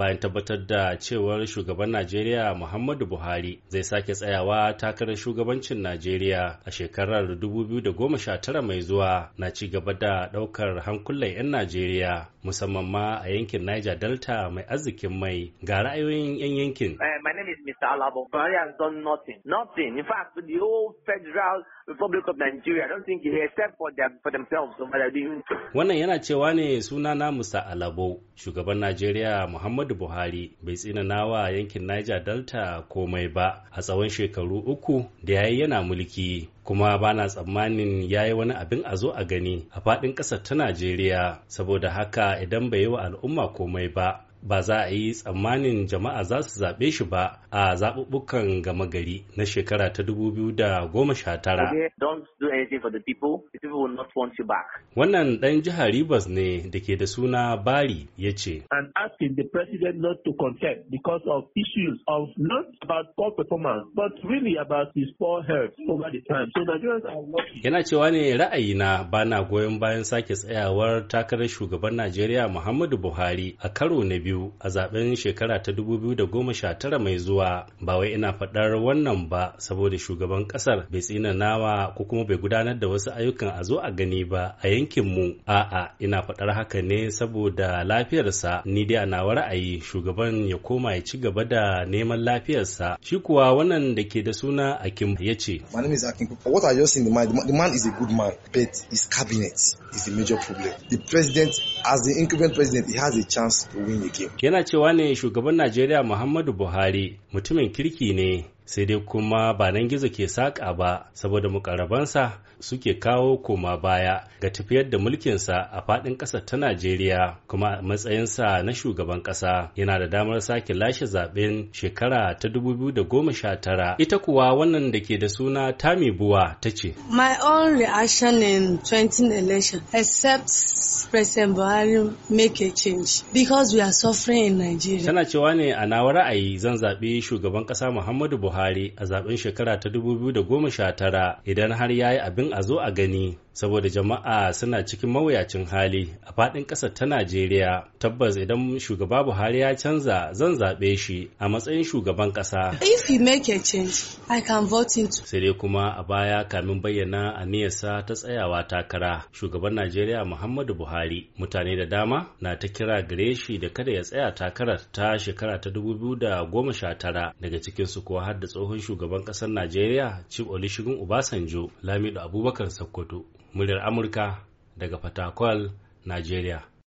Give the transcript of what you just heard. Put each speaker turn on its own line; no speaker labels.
bayan tabbatar da cewar shugaban Najeriya Muhammadu Buhari zai sake tsayawa takarar shugabancin Najeriya a shekarar 2019 mai zuwa na ci gaba da ɗaukar hankulan 'yan Najeriya musamman ma a yankin Niger Delta mai arzikin mai ga ra'ayoyin 'yan yankin. My name is Mr. Alabo. Buhari has done nothing. Nothing. In fact, the whole Federal Republic of Nigeria, I don't think he except for them for themselves so doing. Wannan yana cewa ne suna na Musa Alabo, shugaban Najeriya Muhammadu Buhari bai tsina nawa yankin Niger Delta komai ba a tsawon shekaru uku da yayi yana mulki. kuma ba na tsammanin ya yi wani abin a zo a gani a faɗin ƙasar ta Najeriya saboda haka idan bai yi wa al'umma komai ba ba za a yi tsammanin jama'a za su zaɓe shi ba a zaɓuɓɓukan gama gari na shekara ta 2019. Wannan ɗan jihar Rivers ne da ke da suna Bari ya ce. And asking the president not to contest because of issues of not about poor performance but really about his Yana cewa ne ra'ayina ba na goyon bayan sake tsayawar takarar shugaban Najeriya Muhammadu Buhari a karo na biyu. biyu a zaben shekara ta 2019 mai zuwa ba wai ina faɗar wannan ba saboda shugaban ƙasar bai tsinanawa ko kuma bai gudanar da wasu ayyukan a zo a gani ba a yankin mu a'a ina faɗar haka ne saboda lafiyarsa ni dai a nawa ra'ayi shugaban ya koma ya ci gaba da neman lafiyarsa shi kuwa wannan da ke da suna akin ya ce my name is akin what i just in the mind man is a good man but his cabinet is the major problem the president as the incumbent president he has a chance to win again yake yana cewa ne shugaban najeriya muhammadu buhari mutumin kirki ne sai dai kuma ba nan gizo ke saƙa ba saboda mukarabansa suke kawo koma baya ga tafiyar da mulkinsa a faɗin ƙasar ta najeriya kuma a matsayinsa na shugaban ƙasa yana da damar sake lashe zaben shekara ta 2019 ita kuwa wannan da ke da suna tami buwa ta ce my own reaction in except President Buhari make a change because we are suffering in Nigeria. Tana cewa ne a nawa ra'ayi zan zaɓi shugaban ƙasa Muhammadu Buhari a zaɓen shekara ta 2019 idan har ya yi abin a zo a gani. saboda jama'a suna cikin mawuyacin hali a faɗin ƙasa ta Najeriya. Tabbas idan shugaba Buhari ya canza zan zaɓe shi a matsayin shugaban ƙasa. If you make a change, I can vote into. Sai dai kuma a baya kamin bayyana a aniyarsa ta tsayawa takara. Shugaban Najeriya Muhammadu Buhari mutane da dama na ta kira gare shi da kada ya tsaya takarar ta shekara ta da 2019 daga cikin su kuwa har da tsohon shugaban ƙasar Najeriya Chief Olusegun Obasanjo Lamido Abubakar Sokoto. muryar amurka daga fatakwal najeriya